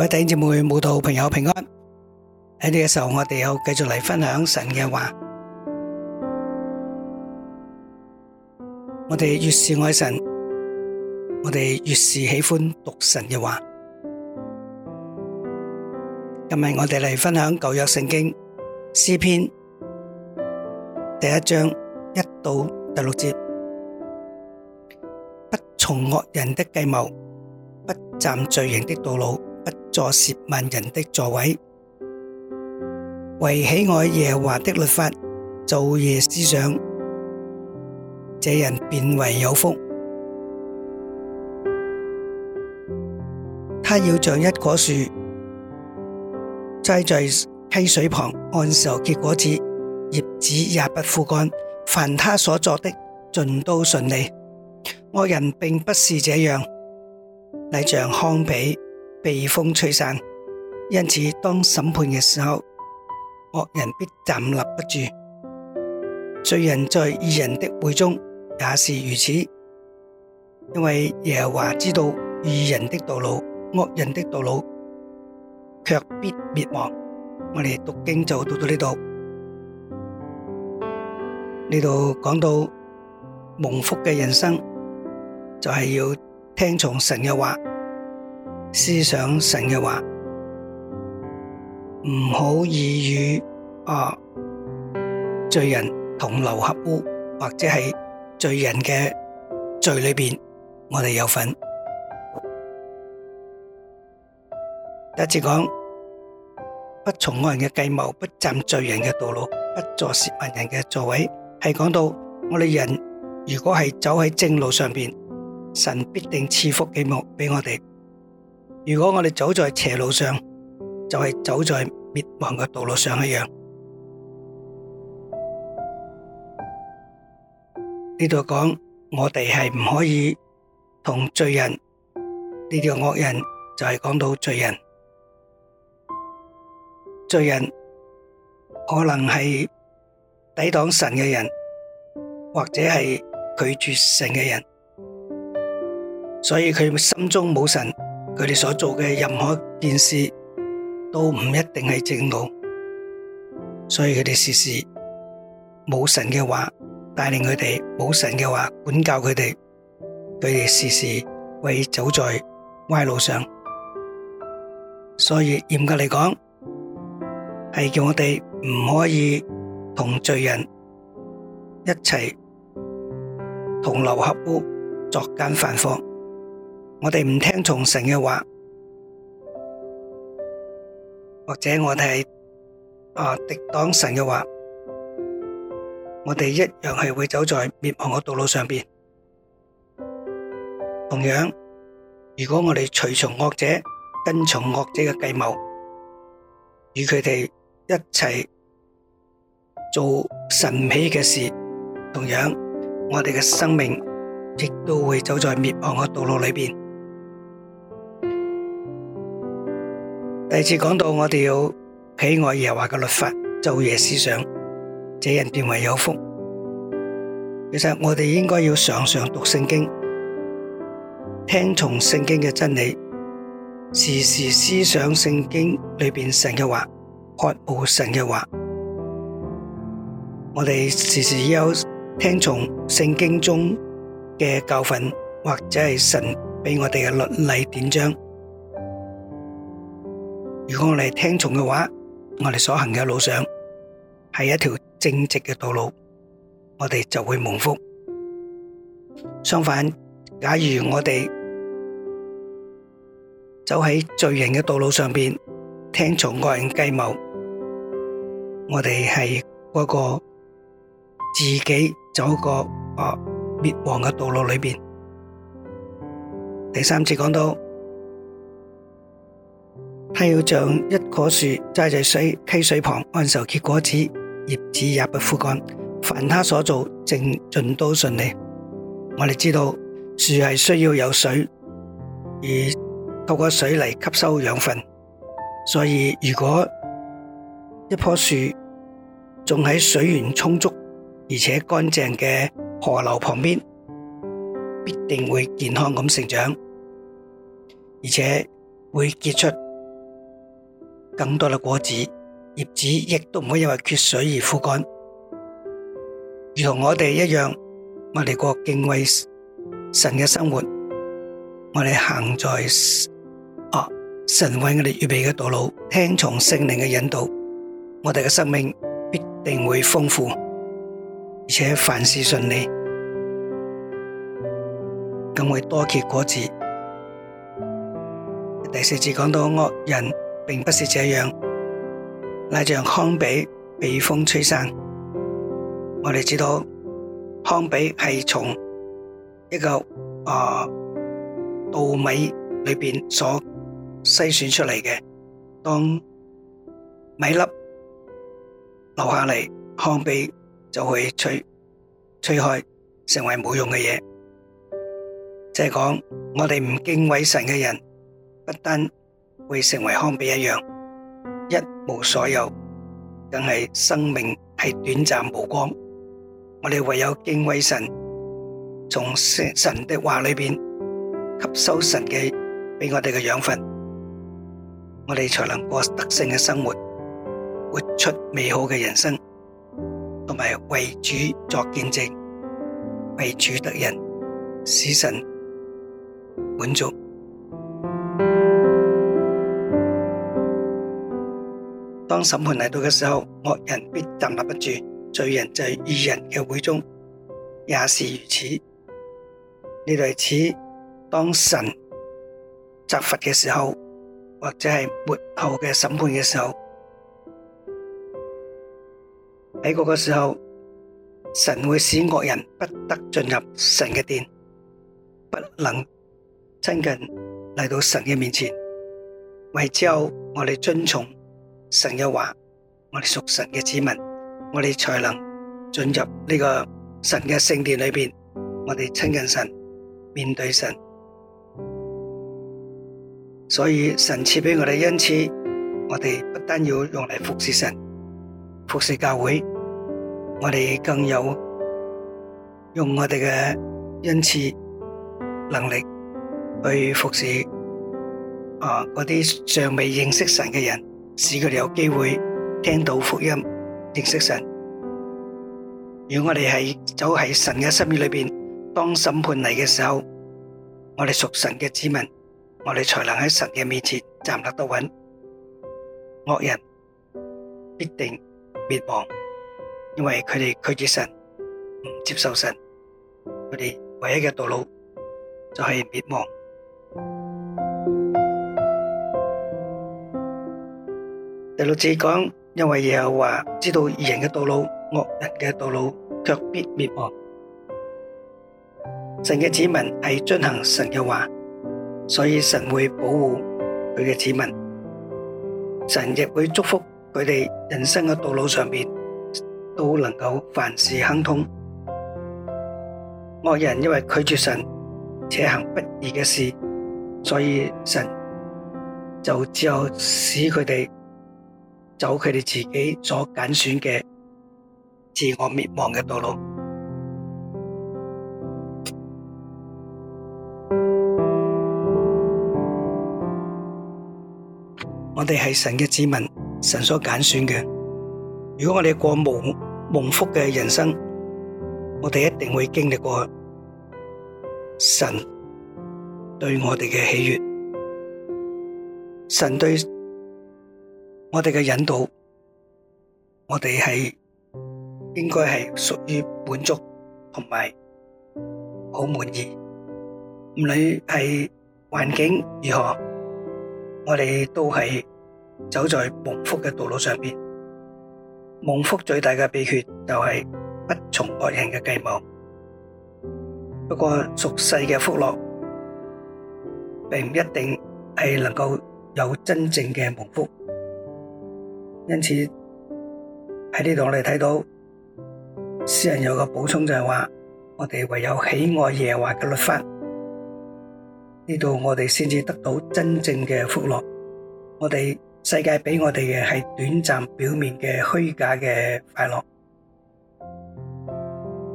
各位弟兄姊妹、信徒朋友平安，喺呢個時候，我哋又繼續嚟分享神嘅話。我哋越是愛神，我哋越是喜歡讀神嘅話。今日我哋嚟分享舊約聖經詩篇第一章一到第六節：不從惡人的計謀，不站罪人的道路。坐褻慢人的座位，為喜愛耶和華的律法晝夜思想，這人便為有福。他要像一棵樹，栽在溪水旁，按時候結果子，葉子也不枯乾。凡他所做的，盡都順利。惡人並不是這樣，乃像糠秕。被風吹散，因此當審判嘅時候，惡人必站立不住。罪人在義人的會中也是如此，因為耶和華知道義人的道路，惡人的道路卻必滅亡。我哋讀經就讀到呢度，呢度講到蒙福嘅人生就係要聽從神嘅話。思想神嘅話，唔好以與啊罪人同流合污，或者係罪人嘅罪裏面，我哋有份。第一次講不從惡人嘅計謀，不站罪人嘅道路，不坐褻慢人嘅座位，係講到我哋人如果係走喺正路上邊，神必定賜福幾目俾我哋。如果我哋走在邪路上，就係走在滅亡嘅道路上一樣。呢度講我哋係唔可以同罪人，呢個惡人就係講到罪人，罪人可能係抵擋神嘅人，或者係拒絕神嘅人，所以佢心中冇神。佢哋所做嘅任何一件事都唔一定係正路，所以佢哋時時冇神嘅話帶領佢哋，冇神嘅話管教佢哋，佢哋時時會走在歪路上。所以嚴格嚟講，係叫我哋唔可以同罪人一齊同流合污，作奸犯科。我哋唔聽從神嘅話，或者我哋係啊抵擋神嘅話，我哋一樣係會走在滅亡嘅道路上邊。同樣，如果我哋隨從惡者，跟從惡者嘅計謀，與佢哋一齊做神喜嘅事，同樣我哋嘅生命亦都會走在滅亡嘅道路裏邊。第二次講到我們要喜愛耶和華的律法，晝夜思想，這人變為有福。其實我們應該要常常讀聖經，聽從聖經的真理，時時思想聖經裏邊神的話，渴慕神的話。我哋時時有聽從聖經中的教訓，或者是神給我們的律例典章。如果我哋聽從嘅話，我哋所行嘅路上係一條正直嘅道路，我哋就會蒙福。相反，假如我哋走喺罪人嘅道路上邊，聽從惡人計謀，我哋係嗰個自己走過滅、啊、滅亡嘅道路裏邊。第三次講到。他要像一棵樹，栽在水溪水旁，按時結果子，葉子也不枯乾。凡他所做，正盡都順利。我哋知道樹是需要有水，而透過水嚟吸收養分。所以如果一棵樹種喺水源充足而且乾淨嘅河流旁邊，必定會健康咁成長，而且會結出，更多嘅果子，葉子亦都唔可以因為缺水而枯乾。如同我哋一樣，我哋過敬畏神嘅生活，我哋行在神啊神為我哋預備嘅道路，聽從聖靈嘅引導，我哋嘅生命必定會豐富，而且凡事順利，更會多結果子。第四節講到惡人並不是這樣，乃像糠秕被風吹散，我哋知道糠秕係從一個啊稻米裏邊所篩選出嚟嘅，當米粒留下嚟，糠秕就會吹吹開，成為冇用嘅嘢。即係講我哋唔敬畏神嘅人，不單。會成為康比一樣，一無所有，更係生命係短暫無光。我哋唯有敬畏神，從神神的話裏邊吸收神嘅畀我哋嘅養分，我哋才能過得勝嘅生活，活出美好嘅人生，同埋為主作見證，為主得人，使神滿足。當審判嚟到嘅時候，惡人必站立不住；罪人就喺義人嘅會中也是如此。呢類似當神責罰嘅時候，或者係末後嘅審判嘅時候，喺嗰個時候，神會使惡人不得進入神嘅殿，不能親近嚟到神嘅面前，為之後我哋遵從。神嘅話，我哋屬神嘅子民，我哋才能進入呢個神嘅聖殿裏邊，我哋親近神，面對神。所以神賜畀我哋恩賜，我哋不單要用嚟服侍神、服侍教會，我哋更有用我哋嘅恩賜能力去服侍啊嗰啲尚未認識神嘅人。使佢哋有機會聽到福音，認識神。如果我哋係走喺神嘅心意裏邊，當審判嚟嘅時候，我哋屬神嘅子民，我哋才能喺神嘅面前站立得穩。惡人必定滅亡，因為佢哋拒絕神，唔接受神，佢哋唯一嘅道路就係滅亡。第六節講，因為耶和華知道義人嘅道路，惡人嘅道路卻必滅亡。神嘅子民係遵行神嘅話，所以神會保護佢嘅子民，神亦會祝福佢哋人生嘅道路上面都能夠凡事亨通。惡人因為拒絕神且行不義嘅事，所以神就只有使佢哋。走佢哋自己所揀選嘅自我滅亡嘅道路。我哋係神嘅子民，神所揀選嘅。如果我哋過蒙蒙福嘅人生，我哋一定會經歷過神對我哋嘅喜悅。神對。我哋嘅引導，我哋係應該係屬於滿足同埋好滿意，唔理係環境如何，我哋都係走在蒙福嘅道路上邊。蒙福最大嘅秘訣就係不從惡人嘅計謀。不過俗世嘅福樂，並唔一定係能夠有真正嘅蒙福。因此喺呢度我哋睇到詩人有個補充就係話，我哋唯有喜愛耶華嘅律法，呢度我哋先至得到真正嘅福樂。我哋世界畀我哋嘅係短暫表面嘅虛假嘅快樂，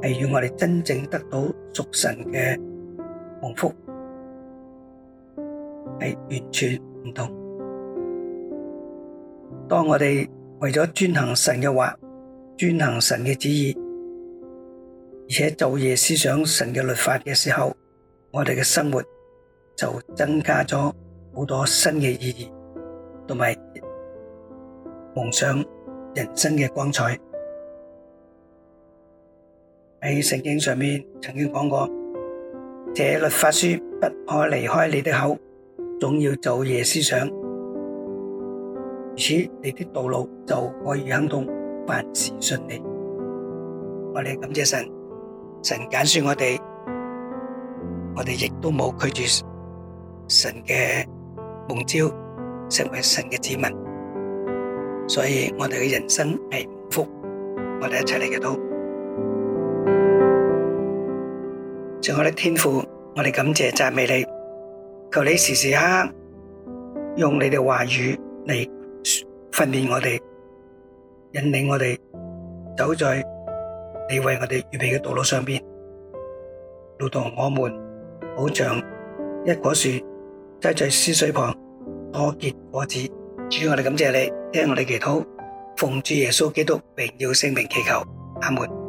係與我哋真正得到屬神嘅幸福係完全唔同。當我哋為咗遵行神嘅話，遵行神嘅旨意，而且晝夜思想神嘅律法嘅時候，我哋嘅生活就增加咗好多新嘅意義，同埋夢想人生嘅光彩。喺聖經上面曾經講過：「這律法書不可離開你的口，總要晝夜思想。」如此，你的道路就可以亨通，凡事順利。我哋感謝神，神揀選我哋，我哋亦都冇拒絕神嘅蒙召，成為神嘅子民。所以我哋嘅人生係福，我哋一齊嚟祈禱。就我哋天父，我哋感謝讚美你，求你時時刻刻用你嘅話語嚟。訓練我哋，引領我哋走在你為我哋預備嘅道路上面，路途我們好像一棵樹栽在溪水旁，多結果子。主，我哋感謝你，聽我哋祈禱，奉主耶穌基督榮耀聖名祈求，阿門。